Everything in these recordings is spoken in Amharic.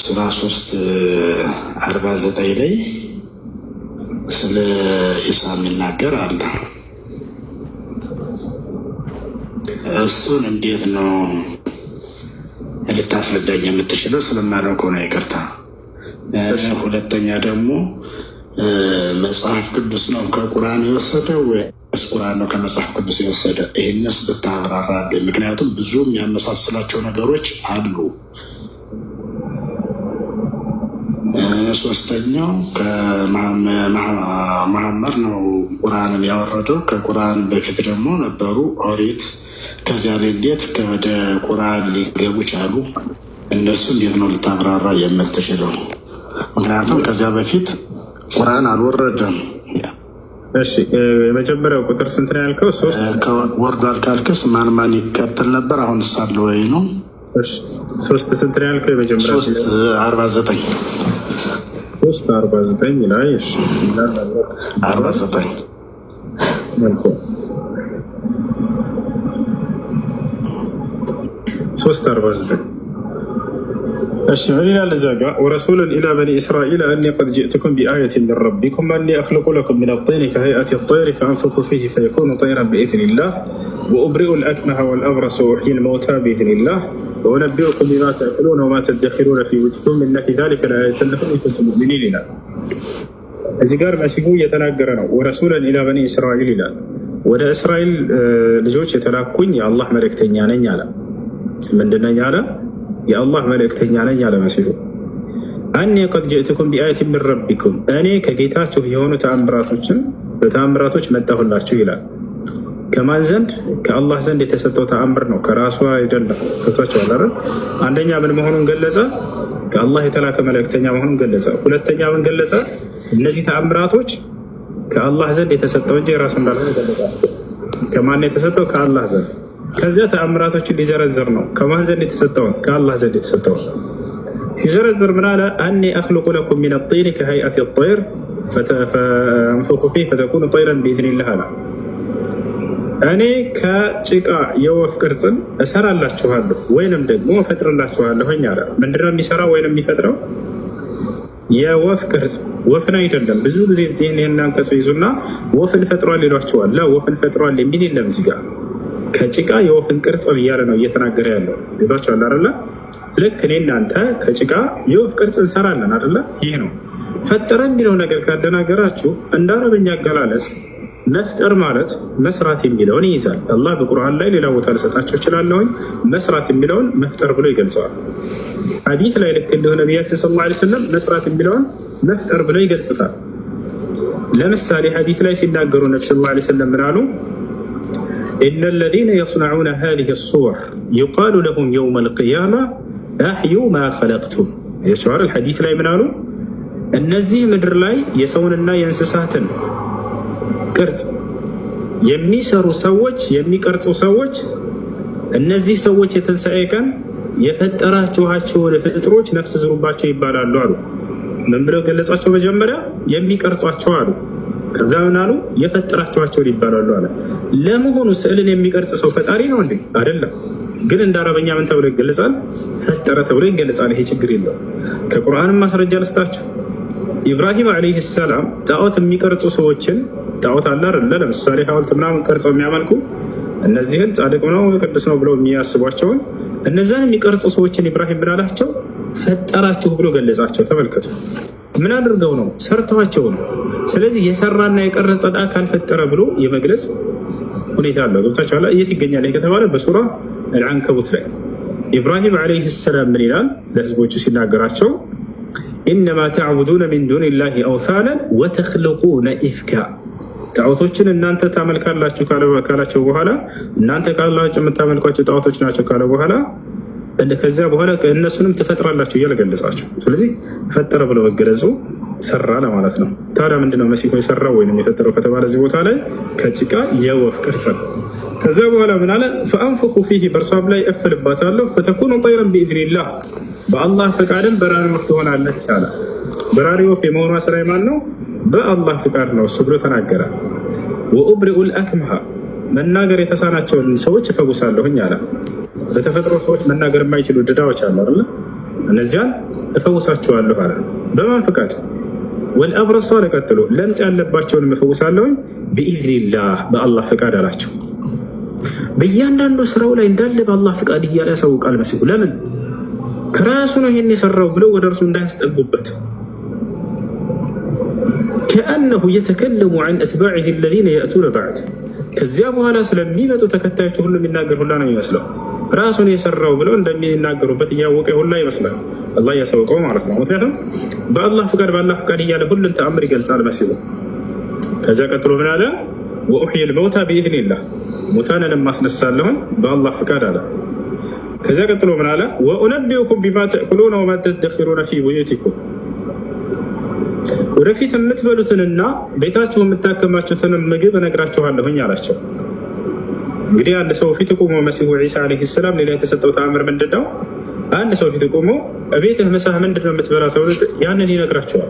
ሱራ ሶስት አርባ ዘጠኝ ላይ ስለ ኢሳ የሚናገር አለ። እሱን እንዴት ነው ልታስረዳኝ የምትችለው? ስለማላውቀው ነው። ይቅርታ። ሁለተኛ ደግሞ መጽሐፍ ቅዱስ ነው ከቁርአን የወሰደ ወይስ ቁርአን ነው ከመጽሐፍ ቅዱስ የወሰደ? ይህንስ ብታብራራለህ። ምክንያቱም ብዙ የሚያመሳስላቸው ነገሮች አሉ። ሶስተኛው ከመሐመድ ነው ቁርአንን ያወረደው። ከቁርአን በፊት ደግሞ ነበሩ ኦሪት። ከዚያ ላይ እንዴት ወደ ቁርአን ሊገቡ ቻሉ? እነሱ እንዴት ነው ልታብራራ የምትችለው? ምክንያቱም ከዚያ በፊት ቁርአን አልወረደም። እሺ የመጀመሪያው ቁጥር ስንት ነው ያልከው? ሶስት ወርዷል ካልክስ ማን ማን ይከተል ነበር? አሁን ሳለ ወይ ነው ሶስት ስንት ነው ያልከው? የመጀመሪያው ሶስት አርባ ዘጠኝ وسط 49 العايش لا لا 49 مالكم 49 أشعرنا ورسولا إلى بني إسرائيل أني قد جئتكم بآية من ربكم أني أخلق لكم من الطين كهيئة الطير فأنفخ فيه فيكون طيرا بإذن الله ወኡብሪኡ ልአክመሀ ወልአብረሰ ወሒል መውታ ቢኢዝኒላህ ወኡነቢኡኩም ቢማ ተእኩሉነ ወማ ተደኪሩነ ፊ ውጁኩም ኢነ ፊ ዛሊከ ለአያተን ለኩም ኢን ሙእሚኒን ይላል። እዚህ ጋር መሲሁ እየተናገረ ነው። ወረሱለን ኢላ በኒ እስራኤል ይላል። ወደ እስራኤል ልጆች የተላኩኝ የአላህ መልእክተኛ ነኝ አለ። ምንድን ነኝ አለ? የአላህ መልእክተኛ ነኝ አለ መሲሁ። አኔ ቀድ ጅእትኩም ቢአየት ምን ረቢኩም፣ እኔ ከጌታችሁ የሆኑ ተአምራቶችን በተአምራቶች መጣሁላችሁ ይላል ከማን ዘንድ? ከአላህ ዘንድ የተሰጠው ተአምር ነው፣ ከራሷ አይደለም። ከቶች አንደኛ ምን መሆኑን ገለጸ? ከአላህ የተላከ መልእክተኛ መሆኑን ገለጸ። ሁለተኛ ምን ገለጸ? እነዚህ ተአምራቶች ከአላህ ዘንድ የተሰጠው እንጂ የራሱ እንዳልሆነ ገለጸ። ከማን የተሰጠው? ከአላህ ዘንድ። ከዚያ ተአምራቶችን ሊዘረዝር ነው። ከማን ዘንድ የተሰጠውን? ከአላህ ዘንድ የተሰጠውን ሲዘረዝር ምን አለ? አኒ አክልቁ ለኩም ሚን ጢን ከሀይአት ጠይር ፈተንፉኩ ፊህ ፈተኩኑ ጠይረን ቢዝኒላህ አለ እኔ ከጭቃ የወፍ ቅርጽን እሰራላችኋለሁ ወይንም ደግሞ እፈጥርላችኋለሁኝ አለ። ምንድነው የሚሰራው ወይንም የሚፈጥረው? የወፍ ቅርጽ ወፍን አይደለም። ብዙ ጊዜ ዚህን ይህን ይዙና ወፍን ፈጥሯል ይሏቸዋል። ወፍን ፈጥሯል የሚል የለም እዚህ ጋር ከጭቃ የወፍን ቅርጽ እያለ ነው እየተናገረ ያለው ይሏቸዋል አለ። ልክ እኔ እናንተ ከጭቃ የወፍ ቅርጽ እንሰራለን አለ። ይህ ነው ፈጠረ የሚለው ነገር ካደናገራችሁ እንደ አረበኛ አገላለጽ መፍጠር ማለት መስራት የሚለውን ይይዛል። አላህ በቁርአን ላይ ሌላ ቦታ ልሰጣቸው እችላለሁኝ። መስራት የሚለውን መፍጠር ብሎ ይገልጸዋል። ሐዲት ላይ ልክ እንደሆነ ነቢያችን ሰለላሁ ዐለይሂ ወሰለም መስራት የሚለውን መፍጠር ብሎ ይገልጽታል። ለምሳሌ ሐዲት ላይ ሲናገሩ ነቢ ሰለላሁ ዐለይሂ ወሰለም ምን አሉ? ኢነ ለዚነ የስነዑነ ሃዚህ ሱወር ዩቃሉ ለሁም የውመ ልቅያማ አሕዩ ማ ኸለቅቱም ሐዲት ላይ ምን አሉ? እነዚህ ምድር ላይ የሰውንና የእንስሳትን ቅርጽ የሚሰሩ ሰዎች የሚቀርጹ ሰዎች እነዚህ ሰዎች የትንሣኤ ቀን የፈጠራችኋቸውን ፍጥሮች ነፍስ ዝሩባቸው ይባላሉ አሉ። ምን ብለው ገለጻቸው? መጀመሪያ የሚቀርጿቸው አሉ። ከዛ ምን አሉ? የፈጠራችኋቸውን ይባላሉ አለ። ለመሆኑ ስዕልን የሚቀርጽ ሰው ፈጣሪ ነው እንዴ? አይደለም። ግን እንደ አረበኛ ምን ተብሎ ይገለጻል? ፈጠረ ተብሎ ይገለጻል። ይሄ ችግር የለው። ከቁርአንም ማስረጃ ልስጣችሁ። ኢብራሂም ዓለይህ ሰላም ጣዖት የሚቀርጹ ሰዎችን ጣዖት አለ አይደለ? ለምሳሌ ሐውልት ምናምን ቀርጸው የሚያመልኩ እነዚህን ጻድቅ ነው ቅዱስ ነው ብለው የሚያስቧቸውን እነዛን የሚቀርጹ ሰዎችን ኢብራሂም ምን አላቸው? ፈጠራችሁ ብሎ ገለጻቸው። ተመልከቱ፣ ምን አድርገው ነው? ሰርተዋቸው ነው። ስለዚህ የሰራና የቀረጸ አካል ፈጠረ ብሎ የመግለጽ ሁኔታ አለው። ገብታችኋል? የት ይገኛል ከተባለ በሱራ አልዓንከቡት ላይ ኢብራሂም ዓለይሂ ሰላም ምን ይላል ለህዝቦቹ ሲናገራቸው ኢነማ ተዕቡዱነ ሚን ዱን ላሂ አውታነን ወተክልቁነ ኢፍካ ጣዖቶችን እናንተ ታመልካላችሁ ካላቸው በኋላ እናንተ ካላችሁ የምታመልኳቸው ጣዖቶች ናቸው ካለ በኋላ ከዚያ በኋላ እነሱንም ትፈጥራላቸው እያለ ገለጻቸው። ስለዚህ ፈጠረ ብለው መገለጹ ሰራ ለማለት ነው። ታዲያ ምንድነው መሲሆ የሰራው ወይም የፈጠረው ከተባለ እዚህ ቦታ ላይ ከጭቃ የወፍ ቅርጽ ነው። ከዚያ በኋላ ምን አለ? ፈአንፍኩ ፊህ በእርሷም ላይ እፍልባታለሁ፣ ፈተኩኑ ጠይረን ቢኢዝኒላህ፣ በአላህ ፈቃድን በራሪ ወፍ ትሆናለች አለ። በራሪ ወፍ የመሆኗ ስራ ማን ነው? በአላህ ፍቃድ ነው እሱ ብሎ ተናገረ። ወኡብሪኡ ልአክምሃ መናገር የተሳናቸውን ሰዎች እፈጉሳለሁኝ አለ። በተፈጥሮ ሰዎች መናገር የማይችሉ ድዳዎች አሉ አይደለ? እነዚያን እፈውሳቸዋለሁ አለ። በማን ፍቃድ? ወልአብረሷ ለቀጥሎ ለምጽ ያለባቸውን እፈውሳለሁ ብኢዝኒላህ፣ በአላህ ፍቃድ አላቸው። በእያንዳንዱ ስራው ላይ እንዳለ በአላህ ፍቃድ እያለ ያሳውቃል መሲሁ። ለምን ከራሱ ነው ይህን የሰራው ብለው ወደ እርሱ እንዳያስጠጉበት ከአነሁ የተከለሙ ን አትባዕህ ለዚነ የእቱነ ባዕድ ከዚያ በኋላ ስለሚመጡ ተከታዮች ሁሉ የሚናገር ሁላ ነው የሚመስለው። ራሱን የሰራው ብለው እንደሚናገሩበት እያወቀ ሁላ ይመስላል። አላህ እያሳወቀው ማለት ነው። ምክንያቱም በአላህ ፍቃድ በአላህ ፍቃድ እያለ ሁሉን ተአምር ይገልጻል መሲሉ። ከዚያ ቀጥሎ ምን አለ? ወኡሕይ ልመውታ ብኢዝኒላህ ሙታንን ማስነሳለሁን በአላህ ፍቃድ አለ። ከዚያ ቀጥሎ ምን አለ? ወኡነቢኡኩም ቢማ ተእኩሉነ ወማ ተደኽሩነ ፊ ቡዩቲኩም ወደፊት የምትበሉትንና ቤታችሁ የምታከማችሁትንም ምግብ እነግራችኋለሁኝ አላቸው። እንግዲህ አንድ ሰው ፊት ቆሞ መሲሁ ዒሳ ዓለይሂ ሰላም ሌላ የተሰጠው ተአምር ምንድን ነው? አንድ ሰው ፊት ቆሞ እቤትህ ምሳህ ምንድን ነው የምትበላ ሰው ያንን ይነግራቸዋል።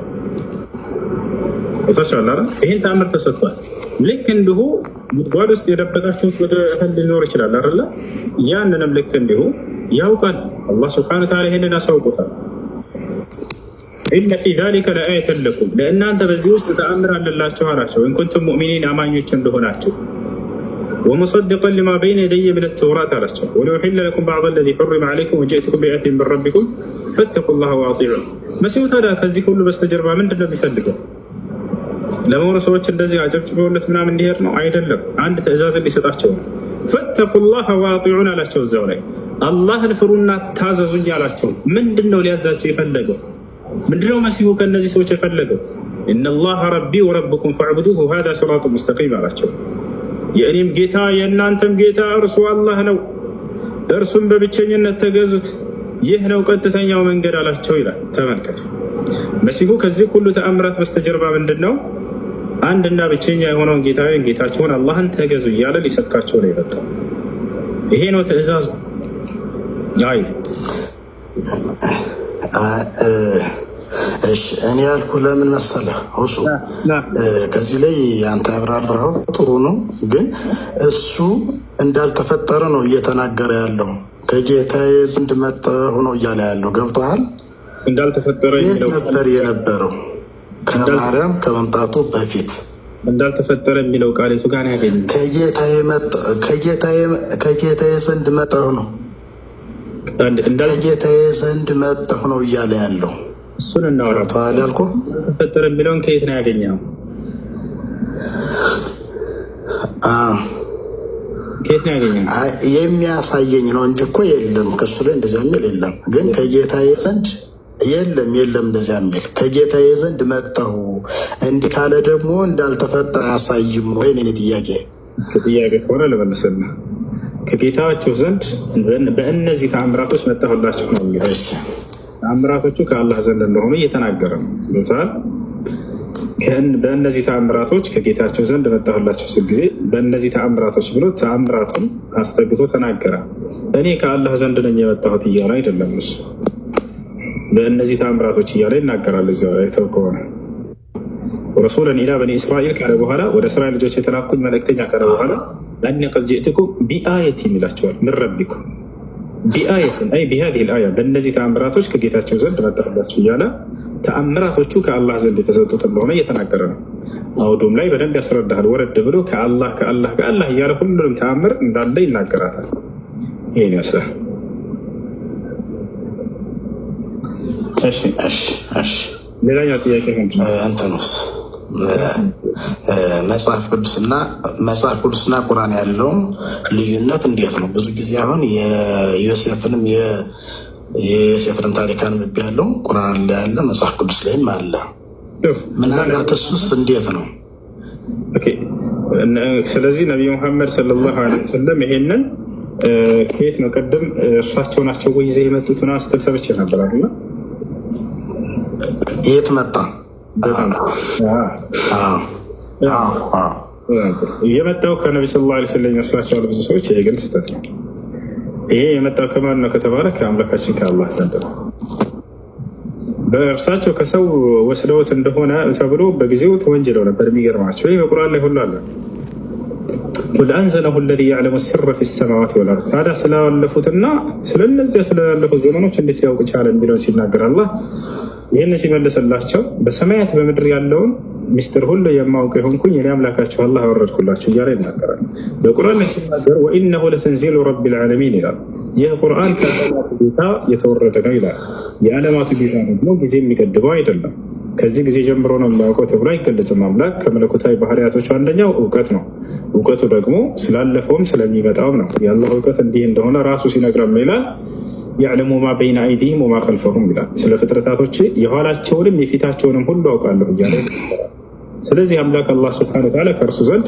ታቸዋል አ ይህን ተአምር ተሰጥቷል። ልክ እንዲሁ ጉድጓድ ውስጥ የደበቃችሁት ወደ እህል ሊኖር ይችላል አይደለ? ያንንም ልክ እንዲሁ ያውቃል አላህ ስብሐነሁ ወተዓላ ይህንን አሳውቆታል። ኢነ ፊ ዛሊከ ለአየተን ለኩም ለእናንተ በዚህ ውስጥ ተአምር አለላችሁ አላቸው። ኢን ሙእሚኒን አማኞች እንደሆናችሁ ወሙሰዲቀን ሊማ በይነ የደየ ምን ተውራት አላቸው። ወሊኡሒለ ለኩም በዕድ ለዚ ሑሪመ ዓለይኩም ወጅእትኩም ቢአያቲን ምን ረቢኩም ፈተቁላህ ወአጢዑን። መሲሁ ታዲያ ከዚህ ሁሉ በስተጀርባ ምንድን ነው የሚፈልገው? ለመሆኑ ሰዎች እንደዚህ አጨብጭበውለት ምናምን እንዲሄድ ነው? አይደለም። አንድ ትእዛዝ እንዲሰጣቸው ነው። ፈተቁላህ ወአጢዑን አላቸው። እዚያው ላይ አላህን ፍሩና ታዘዙኝ አላቸው። ምንድን ነው ሊያዛቸው የፈለገው? ምንድነው መሲሁ ከእነዚህ ሰዎች የፈለገው? ኢነላህ ረቢ ወረብኩም ፈዕቡዱሁ ሃዛ ሲራጡን ሙስተቂም አላቸው። የእኔም ጌታ የእናንተም ጌታ እርሱ አላህ ነው፣ እርሱም በብቸኝነት ተገዙት፣ ይህ ነው ቀጥተኛው መንገድ አላቸው ይላል። ተመልከቱ። መሲሁ ከዚህ ሁሉ ተአምራት በስተጀርባ ምንድን ነው? አንድና ብቸኛ የሆነውን ጌታ ጌታቸውን አላህን ተገዙ እያለ ሊሰጥካቸው ነው የመጣው። ይሄ ነው ትእዛዙ። አይ እሺ እኔ ያልኩ ለምን መሰለህ እሱ ከዚህ ላይ ያንተ ያብራራኸው ጥሩ ነው፣ ግን እሱ እንዳልተፈጠረ ነው እየተናገረ ያለው። ከጌታዬ ዘንድ መጠ ሆኖ እያለ ያለው ገብቶሃል? እንዳልተፈጠረ ነበር የነበረው ከማርያም ከመምጣቱ በፊት እንዳልተፈጠረ የሚለው ቃል እሱ ጋር ያገኘ ከጌታዬ ዘንድ መጠ ነው ከጌታዬ ዘንድ መጠ ነው እያለ ያለው እሱን እናውራ ተዋል ያልኩ ፈጠረ የሚለውን ከየት ነው ያገኘ ከየት ነው ያገኘ የሚያሳየኝ ነው እንጂ እኮ የለም ከሱ ላይ እንደዚያ የሚል የለም። ግን ከጌታዬ ዘንድ የለም የለም እንደዚያ የሚል ከጌታዬ ዘንድ መጣሁ እንዲህ ካለ ደግሞ እንዳልተፈጠረ አሳይም ወይ? እኔ ጥያቄ ጥያቄ ከሆነ ልመልስልህ። ከጌታችሁ ዘንድ በእነዚህ ተአምራቶች መጣሁላችሁ ነው የሚለው ተአምራቶቹ ከአላህ ዘንድ እንደሆኑ እየተናገረ ነው ብታል። በእነዚህ ተአምራቶች ከጌታቸው ዘንድ መጣሁላቸው ሲል ጊዜ በእነዚህ ተአምራቶች ብሎ ተአምራቱን አስጠግቶ ተናገረ። እኔ ከአላህ ዘንድ ነኝ የመጣሁት እያለ አይደለም እሱ በእነዚህ ተአምራቶች እያለ ይናገራል። እዚያው ላይ ተው ከሆነ ረሱለን ኢላ በኒ እስራኤል ካለ በኋላ ወደ እስራኤል ልጆች የተላኩኝ መልእክተኛ ካለ በኋላ ላኒ ቀድ ጅእትኩም ቢአየት ይላቸዋል ምን ረቢኩም ቢአየትን አይ ቢሃዚህ ልአያ በእነዚህ ተአምራቶች ከጌታቸው ዘንድ መጠረባቸው እያለ ተአምራቶቹ ከአላህ ዘንድ የተሰጡት እንደሆነ እየተናገረ ነው። አውዱም ላይ በደንብ ያስረዳል። ወረድ ብሎ ከአላህ ከአላህ ከአላህ እያለ ሁሉንም ተአምር እንዳለ ይናገራታል። ይህን ይመስላል። ሌላኛው ጥያቄ ምንድን ነው? መጽሐፍ ቅዱስና መጽሐፍ ቅዱስና ቁርአን ያለው ልዩነት እንዴት ነው? ብዙ ጊዜ አሁን የዮሴፍንም የዮሴፍንም ታሪካን አንብቤ ያለው ቁርአን ላይ ያለ መጽሐፍ ቅዱስ ላይም አለ። ምናልባት እሱስ እንዴት ነው? ስለዚህ ነቢይ መሐመድ ሰለላሁ ዐለይሂ ወሰለም ይሄንን ከየት ነው ቅድም እርሳቸው ናቸው ወይ ይዘህ የመጡት ምናምን ስትል ሰምቼ ነበር። የት መጣ የመጣው ከነቢ ስ ላ ስለም ይመስላቸዋል ብዙ ሰዎች። ይሄ ግን ስህተት ነው። ይሄ የመጣው ከማን ነው ከተባለ ከአምላካችን ከአላህ ዘንድ ነው። በእርሳቸው ከሰው ወስደውት እንደሆነ ተብሎ በጊዜው ተወንጅለው ነበር። የሚገርማቸው ይህ በቁርአን ላይ ሁሉ ቁል አንዘለሁ ለዚ ያዕለሙ ስረ ፊ ሰማዋት ወልአርድ። ታዲያ ስላለፉትና ስለነዚያ ስላለፉት ዘመኖች እንዴት ሊያውቅ ቻለ የሚለውን ሲናገር አላህ ይህን ሲመልስላቸው በሰማያት በምድር ያለውን ሚስጥር ሁሉ የማውቅ የሆንኩኝ እኔ አምላካቸው አላህ አወረድኩላቸው እያለ ይናገራል። በቁርአን ላይ ሲናገር ወኢነሁ ለተንዚሉ ረቢል ዓለሚን ይላል። ይህ ቁርአን ከዓለማቱ ጌታ የተወረደ ነው ይላል። የዓለማቱ ጌታ ደግሞ ጊዜ የሚገድበው አይደለም። ከዚህ ጊዜ ጀምሮ ነው የማውቀው ተብሎ አይገለጽም። አምላክ ከመለኮታዊ ባህርያቶች አንደኛው እውቀት ነው። እውቀቱ ደግሞ ስላለፈውም ስለሚመጣውም ነው። የአላህ እውቀት እንዲህ እንደሆነ ራሱ ሲነግረም ይላል ያዕለሙ ማ በይነ አይዲህም ወማ ከልፈሁም ይላል። ስለ ፍጥረታቶች የኋላቸውንም የፊታቸውንም ሁሉ አውቃለሁ እያለ ስለዚህ አምላክ አላህ ስብሐነ ወተዓላ ከእርሱ ዘንድ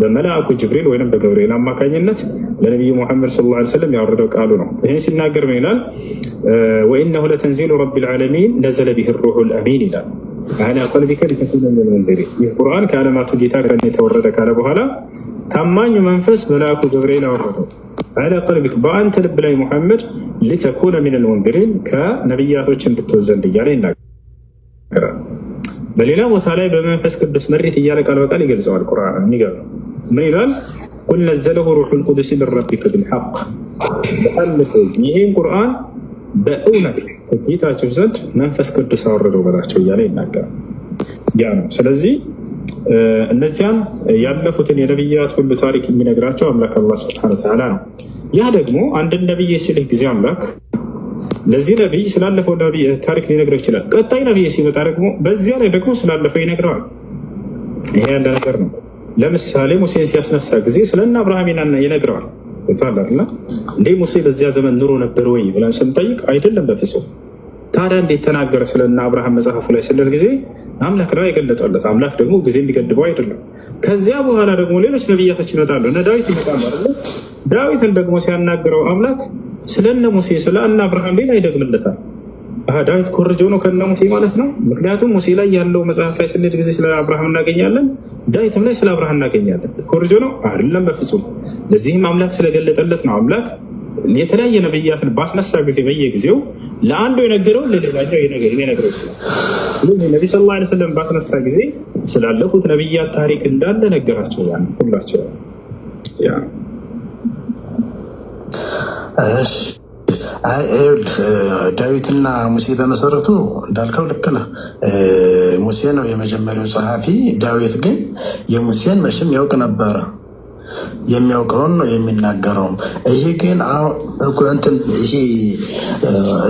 በመልአኩ ጅብሪል ወይም በገብርኤል አማካኝነት ለነቢዩ ሙሐመድ ሰለላሁ ዐለይሂ ወሰለም ያወረደው ቃሉ ነው። ይህን ሲናገር ምን ይላል? ወኢነሁ ለተንዚሉ ረቢል ዓለሚን ነዘለ ቢሂ ሩሑል አሚን ይላል። አላ ቀልቢከ ሊተኩነ ሚነል ሙንዚሪን። ይህ ቁርአን ከዓለማቱ ጌታ የተወረደ ካለ በኋላ ታማኙ መንፈስ መልአኩ ገብርኤል አወረደው። አላ ቀልቢክ በአንተ ልብ ላይ ሙሐመድ ሊተኩነ ሚነል ሙንዚሪን ከነቢያቶች እንድትወዘንድ እያለ ይናገራል። በሌላ ቦታ ላይ በመንፈስ ቅዱስ መሬት እያለ ቃል በቃል ይገልጸዋል። ቁርአን የሚገርም ምን ይላል? ቁል ነዘለሁ ሩሑ ቁዱስ ምን ረቢከ ብልሐቅ በአልፎ ይህን ቁርአን በእውነት ከጌታቸው ዘንድ መንፈስ ቅዱስ አወረደው በላቸው እያለ ይናገራል። ያ ነው። ስለዚህ እነዚያን ያለፉትን የነቢያት ሁሉ ታሪክ የሚነግራቸው አምላክ አላህ ስብሐነ ወተዓላ ነው። ያ ደግሞ አንድን ነቢይ ሲልህ ጊዜ አምላክ ለዚህ ነቢይ ስላለፈው ነቢይ ታሪክ ሊነግረው ይችላል። ቀጣይ ነቢይ ሲመጣ ደግሞ በዚያ ላይ ደግሞ ስላለፈው ይነግረዋል። ይሄ አንድ ነገር ነው። ለምሳሌ ሙሴን ሲያስነሳ ጊዜ ስለና አብርሃም ይነግረዋል። ይባላልና እንዴ ሙሴ በዚያ ዘመን ኑሮ ነበር ወይ ብለን ስንጠይቅ አይደለም በፍጹም። ታዲያ እንዴት ተናገረ ስለና አብርሃም መጽሐፉ ላይ ስንል ጊዜ አምላክ ነው የገለጠለት። አምላክ ደግሞ ጊዜ የሚገድበው አይደለም። ከዚያ በኋላ ደግሞ ሌሎች ነቢያቶች ይመጣሉ እና ዳዊት ይመጣል አለ። ዳዊትን ደግሞ ሲያናግረው አምላክ ስለነ ሙሴ ስለ እና አብርሃም ሌላ ይደግምለታል። ዳዊት ኮርጆ ነው ከነ ሙሴ ማለት ነው። ምክንያቱም ሙሴ ላይ ያለው መጽሐፍ ላይ ስንሄድ ጊዜ ስለ አብርሃም እናገኛለን፣ ዳዊትም ላይ ስለ አብርሃም እናገኛለን። ኮርጆ ነው አይደለም? በፍጹም ለዚህም አምላክ ስለገለጠለት ነው አምላክ የተለያየ ነብያትን ባስነሳ ጊዜ በየጊዜው ለአንዱ የነገረው ለሌላኛው የነገረው ይችላል። ስለዚህ ነቢ ስ ላ ስለም ባስነሳ ጊዜ ስላለፉት ነብያት ታሪክ እንዳለ ነገራቸው። ያ ሁላቸው ዳዊትና ሙሴ በመሰረቱ እንዳልከው ልክ ነህ። ሙሴ ነው የመጀመሪያው ጸሐፊ። ዳዊት ግን የሙሴን መቼም ያውቅ ነበረ የሚያውቀውን ነው የሚናገረውም። ይሄ ግን ይሄ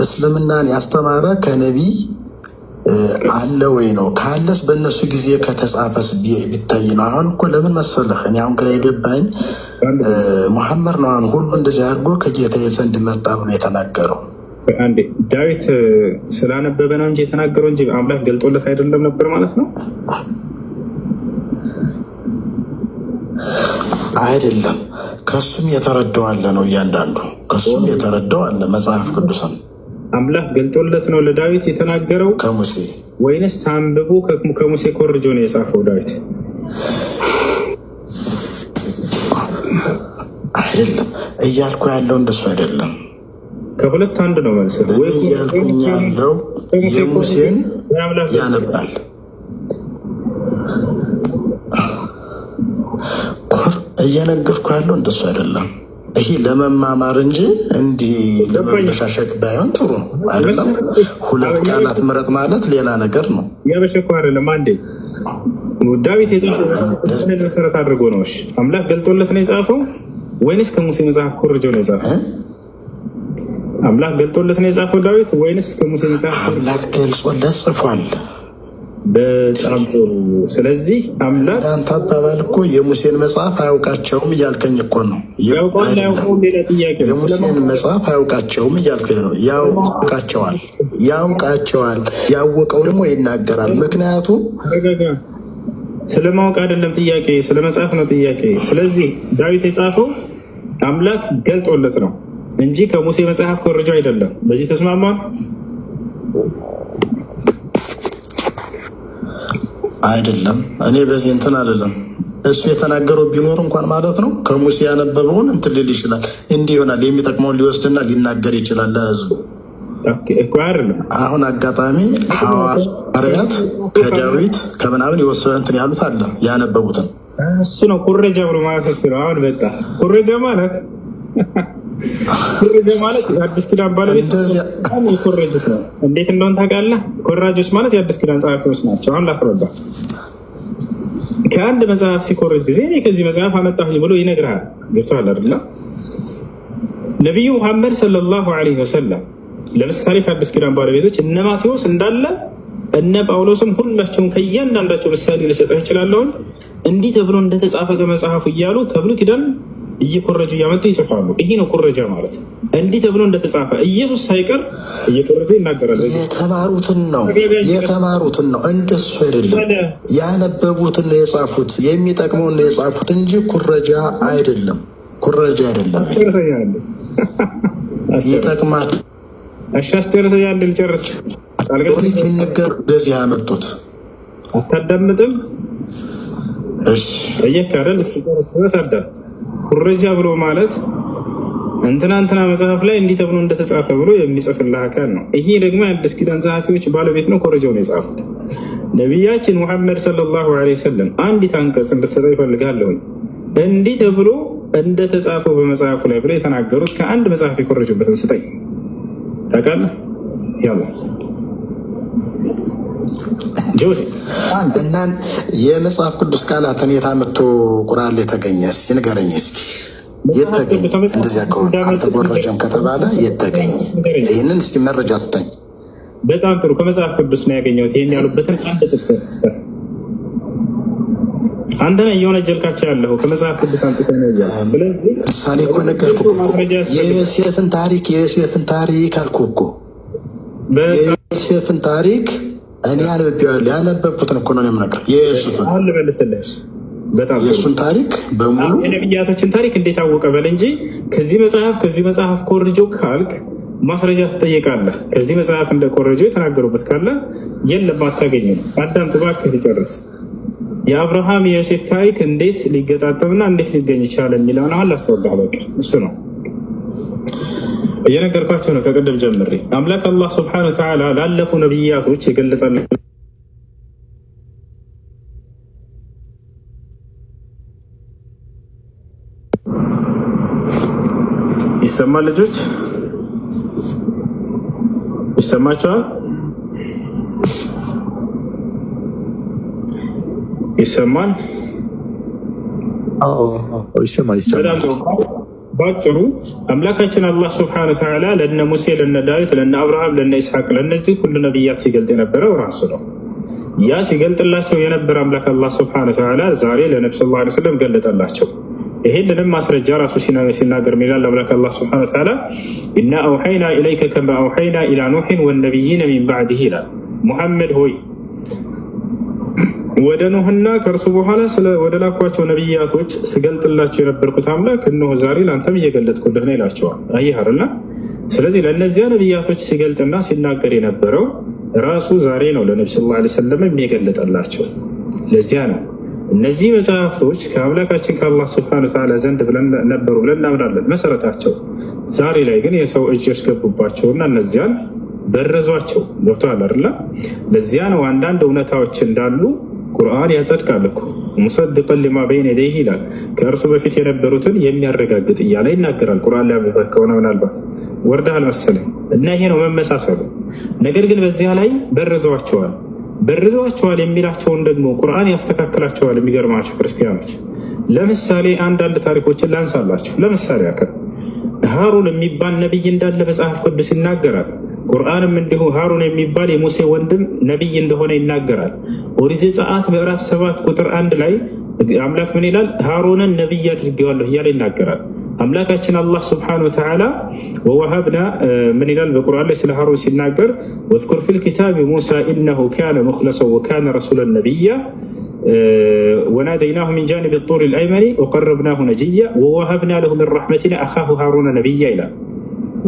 እስልምናን ያስተማረ ከነቢይ አለ ወይ ነው? ካለስ በእነሱ ጊዜ ከተጻፈስ ቢታይ ነው። አሁን እኮ ለምን መሰለህ፣ እኔ አሁን ግራ የገባኝ መሐመድ ነው አሁን ሁሉ እንደዚህ አድርጎ ከጌታ ዘንድ መጣ ብሎ የተናገረው አንዴ ዳዊት ስላነበበ ነው እንጂ የተናገረው እንጂ አምላክ ገልጦለት አይደለም ነበር ማለት ነው። አይደለም። ከሱም የተረዳው አለ ነው። እያንዳንዱ ከሱም የተረዳው አለ። መጽሐፍ ቅዱስም አምላክ ገልጦለት ነው ለዳዊት የተናገረው ከሙሴ ወይንስ አንብቦ ከሙሴ ኮርጆ ነው የጻፈው ዳዊት? አይደለም እያልኩ ያለው እንደሱ አይደለም። ከሁለት አንድ ነው መልስ። ወይ እያልኩኝ ያለው የሙሴን ያነባል እየነገርኩ ያለው እንደሱ አይደለም። ይሄ ለመማማር እንጂ እንዲህ ለመመሻሸቅ ባይሆን ጥሩ ነው አይደለም። ሁለት ቃላት ምረጥ ማለት ሌላ ነገር ነው። እያበሸኩ አይደለም። አንዴ ዳዊት የጻፈው መሰረት አድርጎ ነው። እሺ አምላክ ገልጦለት ነው የጻፈው ወይንስ ከሙሴ መጽሐፍ ኮርጆ ነው የጻፈው? አምላክ ገልጦለት ነው የጻፈው ዳዊት ወይንስ ከሙሴ መጽሐፍ? አምላክ ገልጾለት ጽፏል። በጣም ጥሩ። ስለዚህ አምላክ አንተ አባባል እኮ የሙሴን መጽሐፍ አያውቃቸውም እያልከኝ እኮ ነው። የሙሴን መጽሐፍ አያውቃቸውም እያልከኝ ነው። ያውቃቸዋል፣ ያውቃቸዋል። ያወቀው ደግሞ ይናገራል። ምክንያቱም ስለማወቅ አይደለም ጥያቄ፣ ስለ መጽሐፍ ነው ጥያቄ። ስለዚህ ዳዊት የጻፈው አምላክ ገልጦለት ነው እንጂ ከሙሴ መጽሐፍ ኮርጃ አይደለም። በዚህ ተስማማ። አይደለም። እኔ በዚህ እንትን አይደለም። እሱ የተናገረው ቢኖር እንኳን ማለት ነው ከሙሴ ያነበበውን እንትን ሊል ይችላል፣ እንዲህ ይሆናል፣ የሚጠቅመውን ሊወስድና ሊናገር ይችላል ለህዝቡ። አሁን አጋጣሚ ሐዋርያት ከዳዊት ከምናምን የወሰነ እንትን ያሉት አለ ያነበቡትን እሱ ነው ኩረጃ ብሎ ማለት ነው። አሁን በቃ ኩረጃ ማለት ኮረጀ ማለት የአዲስ ኪዳን ባለቤት የኮረጁት ነው። እንዴት እንደሆን ታውቃለህ? ኮራጆች ማለት የአዲስ ኪዳን ጸሐፊዎች ናቸው። አሁን ላስረዳ። ከአንድ መጽሐፍ ሲኮረጅ ጊዜ እኔ ከዚህ መጽሐፍ አመጣሁኝ ብሎ ይነግርሃል። ገብቶሃል አይደለ? ነቢዩ ሙሐመድ ሰለላሁ ዐለይሂ ወሰለም ለምሳሌ ከአዲስ ኪዳን ባለቤቶች እነ ማቴዎስ እንዳለ እነ ጳውሎስም ሁላቸውም ከእያንዳንዳቸው ምሳሌ ልሰጠህ እችላለሁ። እንዲህ ተብሎ እንደተጻፈ ከመጽሐፉ እያሉ ከብሉይ ኪዳን እየኮረጁ እያመጡ ይጽፋሉ። ይሄ ነው ኮረጃ ማለት። እንዲህ ተብሎ እንደተጻፈ ኢየሱስ ሳይቀር እየኮረጀ ይናገራል። የተማሩትን ነው የተማሩትን ነው እንደሱ አይደለም። ያነበቡትን ነው የጻፉት፣ የሚጠቅመውን ነው የጻፉት እንጂ ኩረጃ አይደለም። ኩረጃ አይደለም። ይጠቅማል። እሺ አስጨርሰኛል። ልጨርስ ኦሪት የሚነገር እንደዚህ ያመጡት አታዳምጥም? እሺ ጠየቅ አይደል? እስኪ ጨርስ አዳምጥ ኩረጃ ብሎ ማለት እንትና እንትና መጽሐፍ ላይ እንዲህ ተብሎ እንደተጻፈ ብሎ የሚጽፍልህ አካል ነው። ይሄ ደግሞ የአዲስ ኪዳን ጸሐፊዎች ባለቤት ነው። ኮረጃውን የጻፉት ነቢያችን ሙሐመድ ሰለላሁ ዐለይሂ ወሰለም አንዲት አንቀጽ እንድትሰጠው ይፈልጋለሁኝ እንዲህ ተብሎ እንደተጻፈው በመጽሐፉ ላይ ብለው የተናገሩት ከአንድ መጽሐፍ የኮረጁበትን ስጠኝ። ታውቃለህ ያው እና የመጽሐፍ ቅዱስ ቃላትን የት አመቶ ቁራል የተገኘ ይንገረኝ እስኪ። የተገኘ እንደዚያ ከሆነ አልተጎረጀም ከተባለ የተገኘ ይህንን እስኪ መረጃ ስጠኝ። በጣም ጥሩ ከመጽሐፍ ቅዱስ ነው ያገኘሁት። ይህን ያሉበትን አንድ ጥቅሰት ስጠኝ። አንተ ነህ ጀልካቸው ያለው ከመጽሐፍ ቅዱስ አንጥቀህ ነው። ስለዚህ ምሳሌ እኮ ነገርኩህ የዮሴፍን ታሪክ የዮሴፍን ታሪክ አልኩህ እኮ የዮሴፍን ታሪክ እኔ ያነበብኩትን እኮ ነው የምነግርህ። የሱፍን ልመልስልህ በጣም የሱን ታሪክ በሙሉ የነብያቶችን ታሪክ እንዴት አወቀ በል እንጂ ከዚህ መጽሐፍ ከዚህ መጽሐፍ ኮርጆ ካልክ ማስረጃ ትጠየቃለህ። ከዚህ መጽሐፍ እንደ ኮረጆ የተናገሩበት ካለ የለም አታገኝ አዳም ጥባክ ሊጨርስ የአብርሃም የዮሴፍ ታሪክ እንዴት ሊገጣጠምና እንዴት ሊገኝ ይቻላል የሚለውን አሁን ላስረዳህ። በቃ እሱ ነው እየነገርኳቸው ነው ከቀደም ጀምሬ። አምላክ አላህ ስብሐነ ወተዓላ ላለፉ ነቢያቶች የገለጠን ይሰማል። ልጆች ይሰማቸዋል፣ ይሰማል፣ ይሰማል፣ ይሰማል። ባጭሩ አምላካችን አላህ ስብሐነ ወተዓላ ለነ ሙሴ፣ ለነ ዳዊት፣ ለነ አብርሃም፣ ለነ ኢስሐቅ ለነዚህ ሁሉ ነቢያት ሲገልጥ የነበረው ራሱ ነው። ያ ሲገልጥላቸው የነበረ አምላክ አላህ ስብሐነ ወተዓላ ዛሬ ለነብዩ ሰለላሁ ዐለይሂ ወሰለም ገለጠላቸው። ይህንንም ማስረጃ ራሱ ሲናገር ሚላል አምላክ አላህ ስብሐነ ወተዓላ ኢና አውሐይና ኢለይከ ከማ አውሐይና ኢላ ኑሕን ወነቢይነ ሚን ባዕድህ ይላል። ሙሐመድ ሆይ ወደ ኖህና ከእርሱ በኋላ ወደ ላኳቸው ነቢያቶች ስገልጥላቸው የነበርኩት አምላክ እነሆ ዛሬ ለአንተም እየገለጥኩልህ ነው ይላቸዋል። አየህ ስለዚህ ለእነዚያ ነቢያቶች ሲገልጥና ሲናገር የነበረው ራሱ ዛሬ ነው ለነቢ ስ ላ ሰለም የሚገለጠላቸው። ለዚያ ነው እነዚህ መጽሐፍቶች ከአምላካችን ከአላህ ስብሐነ ተዓላ ዘንድ ነበሩ ብለን እናምናለን መሰረታቸው። ዛሬ ላይ ግን የሰው እጆች ገቡባቸውና እነዚያን በረዟቸው። ገብተዋል አይደል? ለዚያ ነው አንዳንድ እውነታዎች እንዳሉ ቁርአን ያጸድቃል እኮ ሙሰድቀን ሊማ በይነ ይደይህ ይላል። ከእርሱ በፊት የነበሩትን የሚያረጋግጥ እያለ ይናገራል። ቁርአን ላይ ከሆነ ምናልባት ወርደሃል መሰለኝ እና ይሄ ነው መመሳሰሉ። ነገር ግን በዚያ ላይ በርዘዋቸዋል። በርዘዋቸዋል የሚላቸውን ደግሞ ቁርአን ያስተካክላቸዋል። የሚገርማቸው ክርስቲያኖች፣ ለምሳሌ አንዳንድ ታሪኮችን ላንሳላችሁ። ለምሳሌ ያክል ሃሩን የሚባል ነቢይ እንዳለ መጽሐፍ ቅዱስ ይናገራል። ቁርአንም እንዲሁ ሃሩን የሚባል የሙሴ ወንድም ነቢይ እንደሆነ ይናገራል። ኦሪት ዘጸአት ምዕራፍ ሰባት ቁጥር አንድ ላይ አምላክ ምን ይላል? ሃሩንን ነቢይ አድርጌዋለሁ እያለ ይናገራል። አምላካችን አላህ ስብሐነሁ ወተዓላ ወወሀብና ምን ይላል? በቁርአን ላይ ስለ ሃሩን ሲናገር ወዝኩር ፊል ኪታቢ ሙሳ ኢነሁ ካነ ሙኽለሰን ወካነ ረሱለን ነቢያ ወናደይናሁ ሚን ጃኒብ ጡር ልአይመኒ ወቀረብናሁ ነጅያ ወወሀብና ለሁ ምን ረሕመቲና አኻሁ ሃሩነ ነቢያ ይላል።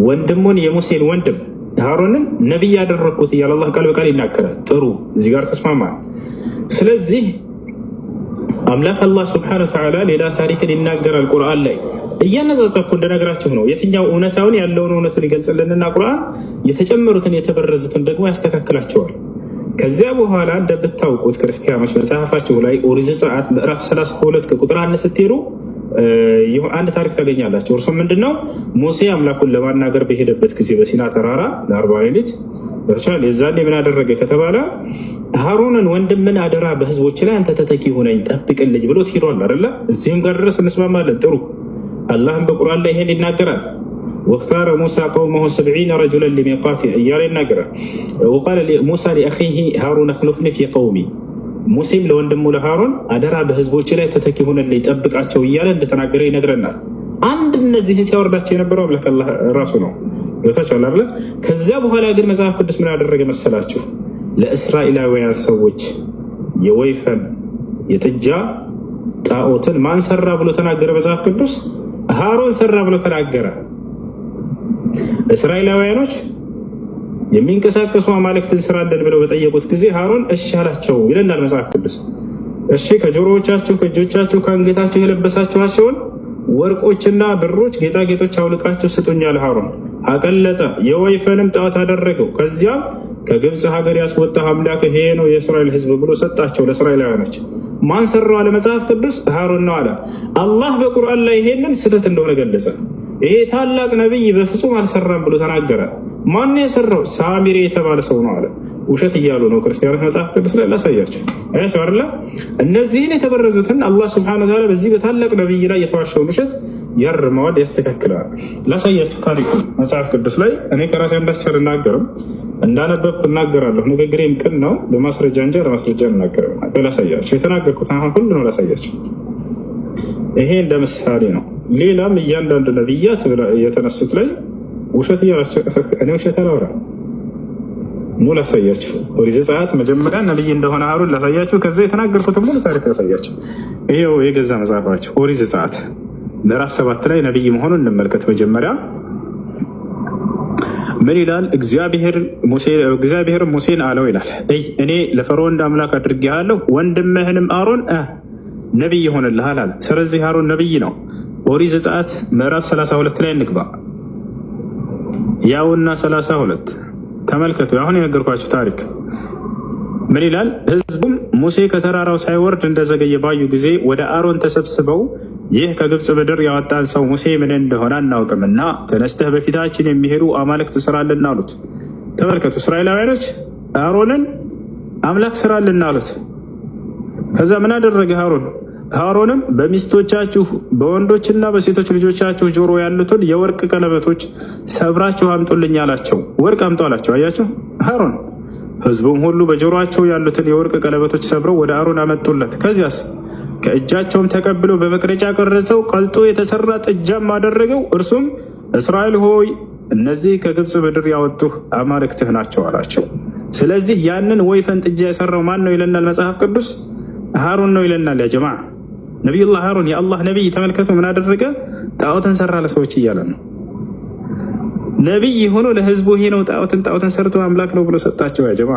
ወንድሙን የሙሴን ወንድም ሃሮንን ነቢይ ያደረግኩት እያለ አላህ ቃል በቃል ይናገራል። ጥሩ እዚህ ጋር ተስማማ። ስለዚህ አምላክ አላህ ስብሐነሁ ወተዓላ ሌላ ታሪክን ይናገራል ቁርአን ላይ እያነጻጸርኩ እንደነገራችሁ ነው። የትኛው እውነታውን ያለውን እውነቱን ይገልጽልንና ቁርአን የተጨመሩትን የተበረዙትን ደግሞ ያስተካክላቸዋል። ከዚያ በኋላ እንደምታውቁት ክርስቲያኖች መጽሐፋችሁ ላይ ኦሪት ዘጸአት ምዕራፍ 32 ከቁጥር አነስትሄዱ አንድ ታሪክ ታገኛላቸው። እርሱ ምንድን ነው? ሙሴ አምላኩን ለማናገር በሄደበት ጊዜ በሲና ተራራ ለአርባ ሌሊት ደርሷል። የዛን ምን አደረገ ከተባለ ሀሮንን ወንድምን አደራ በህዝቦች ላይ አንተ ተተኪ ሆነኝ ጠብቅልኝ ብሎት ሄዷል አይደለ? እዚህም ጋር ድረስ እንስማማለን። ጥሩ አላህም በቁርአን ላይ ይሄን ይናገራል። ወክታረ ሙሳ ቀውመሁ ሰብዒነ ረጁለን ሊሚቃቲና እያለ ይናገራል። ወቃለ ሙሳ ሊአኺሂ ሃሩን አኽልፍኒ ፊ ቀውሚ ሙሴም ለወንድሙ ለሃሮን አደራ በህዝቦች ላይ ተተኪ ሆነልኝ ጠብቃቸው እያለ እንደተናገረ ይነግረናል። አንድ እነዚህ ሲያወርዳቸው የነበረው አምላክ አላህ ራሱ ነው። ታች አላ ከዚያ በኋላ ግን መጽሐፍ ቅዱስ ምን ያደረገ መሰላችሁ? ለእስራኤላውያን ሰዎች የወይፈን የጥጃ ጣዖትን ማን ሰራ ብሎ ተናገረ? መጽሐፍ ቅዱስ ሃሮን ሰራ ብሎ ተናገረ። እስራኤላውያኖች የሚንቀሳቀሱ አማልክትን ስራለን ብለው በጠየቁት ጊዜ ሀሮን እሺ አላቸው ይለናል መጽሐፍ ቅዱስ። እሺ ከጆሮዎቻችሁ፣ ከእጆቻችሁ፣ ከአንገታችሁ የለበሳችኋቸውን ወርቆችና ብሮች ጌጣጌጦች አውልቃችሁ ስጡኛል። ሃሮን አቀለጠ፣ የወይፈንም ጣት አደረገው። ከዚያም ከግብፅ ሀገር ያስወጣህ አምላክ ይሄ ነው የእስራኤል ህዝብ ብሎ ሰጣቸው ለእስራኤላውያኖች። ማን ሰራው አለ መጽሐፍ ቅዱስ ሃሩን ነው አለ። አላህ በቁርአን ላይ ይሄንን ስህተት እንደሆነ ገለጸ። ይሄ ታላቅ ነቢይ በፍጹም አልሰራም ብሎ ተናገረ። ማን የሰራው? ሳሚሬ የተባለ ሰው ነው አለ። ውሸት እያሉ ነው ክርስቲያኖች። መጽሐፍ ቅዱስ ላይ ላሳያቸው አያቸው አለ። እነዚህን የተበረዙትን አላህ ስብሐነ ወተዓላ በዚህ በታላቅ ነቢይ ላይ የተዋሸውን ውሸት ያርመዋል፣ ያስተካክለዋል። ላሳያቸው ታሪኩ መጽሐፍ ቅዱስ ላይ እኔ ከራሴ አንዳች አልናገርም። እንዳነበብ እናገራለሁ። ንግግሬም ቅን ነው። በማስረጃ እንጂ ለማስረጃ እናገርም። ላሳያቸው የተናገርኩት አሁን ነው። ላሳያቸው። ይሄ እንደ ምሳሌ ነው። ሌላም እያንዳንዱ ነብያት የተነሱት ላይ ውሸት እኔ ውሸት አላወራም። ሙ ላሳያችሁ። ኦሪት ዘጸአት መጀመሪያ ነብይ እንደሆነ አሮን ላሳያችሁ። ከዚ የተናገርኩት ሙሉ ታሪክ ላሳያችሁ። ይሄው የገዛ መጽሐፋቸው ኦሪት ዘጸአት ምዕራፍ ሰባት ላይ ነብይ መሆኑን እንመልከት መጀመሪያ ምን ይላል? እግዚአብሔር ሙሴን አለው ይላል እኔ ለፈርዖን እንዳምላክ አድርጌሃለሁ ወንድምህንም አሮን ነቢይ ይሆንልሃል አለ። ስለዚህ አሮን ነቢይ ነው። ኦሪት ዘጸአት ምዕራፍ 32 ላይ እንግባ። ያውና 32 ተመልከቱ። አሁን የነገርኳቸው ታሪክ ምን ይላል? ህዝቡም ሙሴ ከተራራው ሳይወርድ እንደዘገየ ባዩ ጊዜ ወደ አሮን ተሰብስበው ይህ ከግብፅ ምድር ያወጣን ሰው ሙሴ ምን እንደሆነ አናውቅምና ተነስተህ በፊታችን የሚሄዱ አማልክት ስራልና አሉት። ተመልከቱ፣ እስራኤላውያኖች አሮንን አምላክ ስራልን አሉት። ከዛ ምን አደረገ አሮን? አሮንም በሚስቶቻችሁ በወንዶችና በሴቶች ልጆቻችሁ ጆሮ ያሉትን የወርቅ ቀለበቶች ሰብራችሁ አምጡልኝ አላቸው። ወርቅ አምጡ አላቸው። አያቸው አሮን ህዝቡም ሁሉ በጆሮአቸው ያሉትን የወርቅ ቀለበቶች ሰብረው ወደ አሮን አመጡለት። ከዚያስ ከእጃቸውም ተቀብሎ በመቅረጫ ቀረጸው፣ ቀልጦ የተሰራ ጥጃም አደረገው። እርሱም እስራኤል ሆይ እነዚህ ከግብፅ ምድር ያወጡህ አማልክትህ ናቸው አላቸው። ስለዚህ ያንን ወይፈን ጥጃ የሰራው ማን ነው ይለናል መጽሐፍ ቅዱስ? ሃሩን ነው ይለናል። ያ ጀማ ነቢዩላህ ሃሩን የአላህ ነቢይ ተመልከቱ፣ ምን አደረገ? ጣዖትን ሰራ ለሰዎች እያለ ነው ነቢይ የሆነው ለህዝቡ ይሄ ነው ጣዖትን ጣዖትን ሰርቶ አምላክ ነው ብሎ ሰጣቸው። ያ ጀማ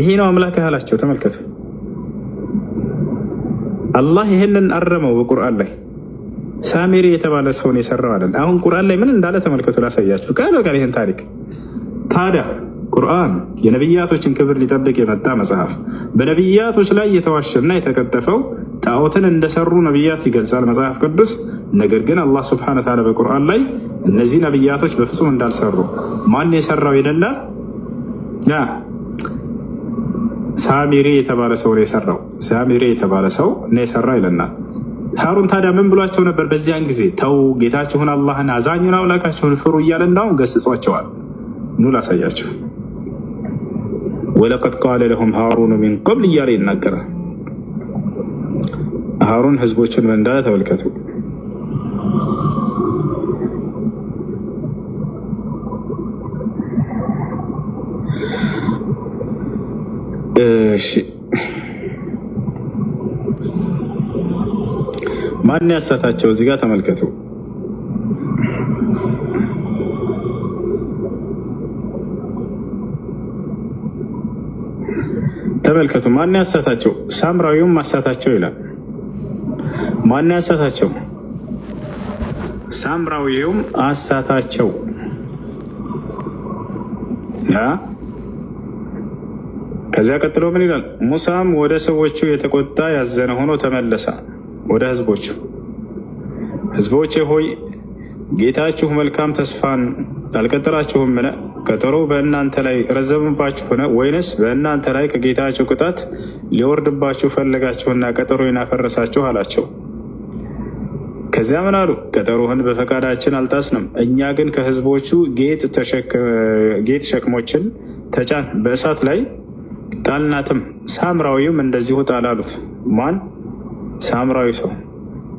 ይሄ ነው አምላክ ያላቸው። ተመልከቱ፣ አላህ ይህንን አረመው በቁርአን ላይ ሳሚሪ የተባለ ሰውን የሰራው አለን። አሁን ቁርአን ላይ ምን እንዳለ ተመልከቱ፣ ላሳያችሁ ቃል በቃል ይህን ታሪክ ታዲያ ቁርአን የነቢያቶችን ክብር ሊጠብቅ የመጣ መጽሐፍ በነቢያቶች ላይ የተዋሸና የተቀጠፈው ጣዖትን እንደሰሩ ነቢያት ይገልጻል መጽሐፍ ቅዱስ። ነገር ግን አላህ ስብሐነ ወተዓላ በቁርአን ላይ እነዚህ ነቢያቶች በፍጹም እንዳልሰሩ ማን የሰራው ይለናል። ሳሚሪ የተባለ ሰው ነው የሰራው፣ ሳሚሬ የተባለ ሰው ነው የሰራው ሳሚሬ የተባለ ሰው ነው የሰራው ይለናል ሃሩን ታዲያ ምን ብሏቸው ነበር? በዚያን ጊዜ ተው ጌታችሁን አላህን አዛኙን አምላካችሁን ፍሩ እያለ እንዳሁን ገስጿቸዋል። ኑ ላሳያችሁ። ወለቀድ ቃለ ለሁም ሃሩኑ ሚን ቀብል እያለ ይናገራል። ሃሩን ህዝቦችን ምን እንዳለ ተመልከቱ። ማን ያሳታቸው እዚህ ጋር ተመልከቱ። ተመልከቱ። ማን ያሳታቸው? ሳምራዊውም ማሳታቸው ይላል። ማን ያሳታቸው? ሳምራዊውም አሳታቸው። ከዚያ ቀጥሎ ምን ይላል? ሙሳም ወደ ሰዎቹ የተቆጣ ያዘነ ሆኖ ተመለሰ ወደ ህዝቦቹ። ህዝቦቼ ሆይ ጌታችሁ መልካም ተስፋን አልቀጠራችሁምን? ቀጠሮ በእናንተ ላይ ሆነ ወይንስ በእናንተ ላይ ከጌታችሁ ቅጣት ሊወርድባችሁ ፈለጋችሁና ቀጠሮ ይናፈረሳችሁ አላቸው። ከዚያ ምን አሉ? ቀጠሮህን በፈቃዳችን አልጣስንም፣ እኛ ግን ከህዝቦቹ ጌጥ ሸክሞችን ተጫን፣ በእሳት ላይ ጣልናትም። ሳምራዊውም እንደዚሁ ጣል አሉት። ማን? ሳምራዊ ሰው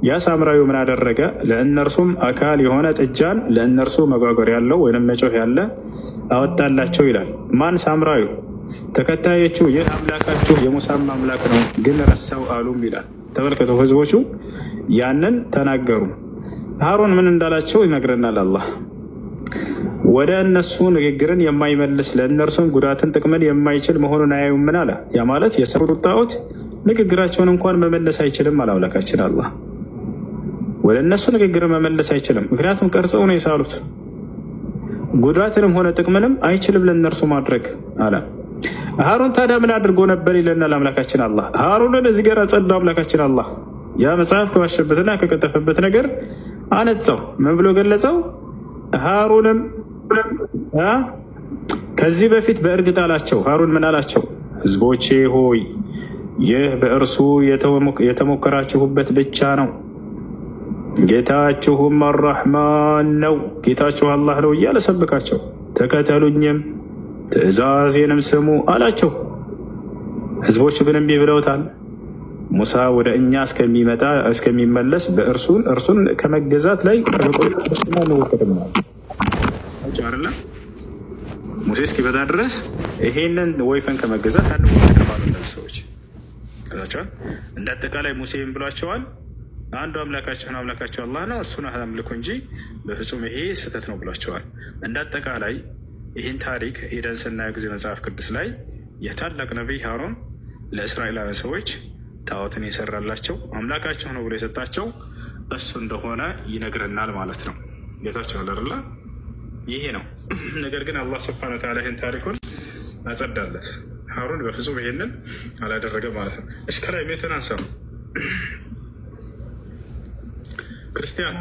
ያ ሳምራዊ ምን አደረገ? ለእነርሱም አካል የሆነ ጥጃን ለእነርሱ መጓጓር ያለው ወይም መጮህ ያለ አወጣላቸው ይላል። ማን ሳምራዊ? ተከታዮቹ ይህ አምላካችሁ የሙሳ አምላክ ነው፣ ግን ረሳው አሉም ይላል። ተመልከቱ፣ ህዝቦቹ ያንን ተናገሩ። ሀሮን ምን እንዳላቸው ይነግረናል አላህ ወደ እነሱ ንግግርን የማይመልስ ለእነርሱም ጉዳትን ጥቅምን የማይችል መሆኑን ምን አለ። ያ ማለት የሰሩት ጣዖት ንግግራቸውን እንኳን መመለስ አይችልም አለ አላህ። ወደ እነሱ ንግግር መመለስ አይችልም። ምክንያቱም ቀርጸው ነው የሳሉት። ጉዳትንም ሆነ ጥቅምንም አይችልም ለእነርሱ ማድረግ አለ። ሀሩን ታዲያ ምን አድርጎ ነበር ይለናል አምላካችን አላህ። ሀሩንን እዚህ ጋር ጸዱ አምላካችን አላህ ያ መጽሐፍ ከዋሸበትና ከቀጠፈበት ነገር አነጸው። ምን ብሎ ገለጸው? ሃሩንም ከዚህ በፊት በእርግጥ አላቸው። ሃሩን ምን አላቸው? ህዝቦቼ ሆይ ይህ በእርሱ የተሞከራችሁበት ብቻ ነው ጌታችሁም አራህማን ነው ጌታችሁ አላህ ነው እያለ ሰብካቸው። ተከተሉኝም ትእዛዜንም ስሙ አላቸው። ህዝቦቹ ግን እምቢ ብለውታል። ሙሳ ወደ እኛ እስከሚመጣ እስከሚመለስ በእርሱን እርሱን ከመገዛት ላይ ሙሴ እስኪመጣ ድረስ ይሄንን ወይፈን ከመገዛት አንድ ሰዎች እንዳጠቃላይ ሙሴም ብሏቸዋል። አንዱ አምላካችሁን አምላካቸው አላህ ነው፣ እርሱን አምልኩ እንጂ በፍጹም ይሄ ስህተት ነው ብሏቸዋል። አጠቃላይ ይህን ታሪክ ሄደን ስናየው ጊዜ መጽሐፍ ቅዱስ ላይ የታላቅ ነቢይ ሃሮን ለእስራኤላውያን ሰዎች ጣዖትን የሰራላቸው አምላካቸው ነው ብሎ የሰጣቸው እሱ እንደሆነ ይነግረናል ማለት ነው። ጌታቸው አለርላ ይሄ ነው። ነገር ግን አላህ ስብሐነ ወተዓላ ይህን ታሪኩን አጸዳለት። ሃሮን በፍጹም ይሄንን አላደረገ ማለት ነው። እሽከላይ ቤትን አንሳ ነው ክርስቲያን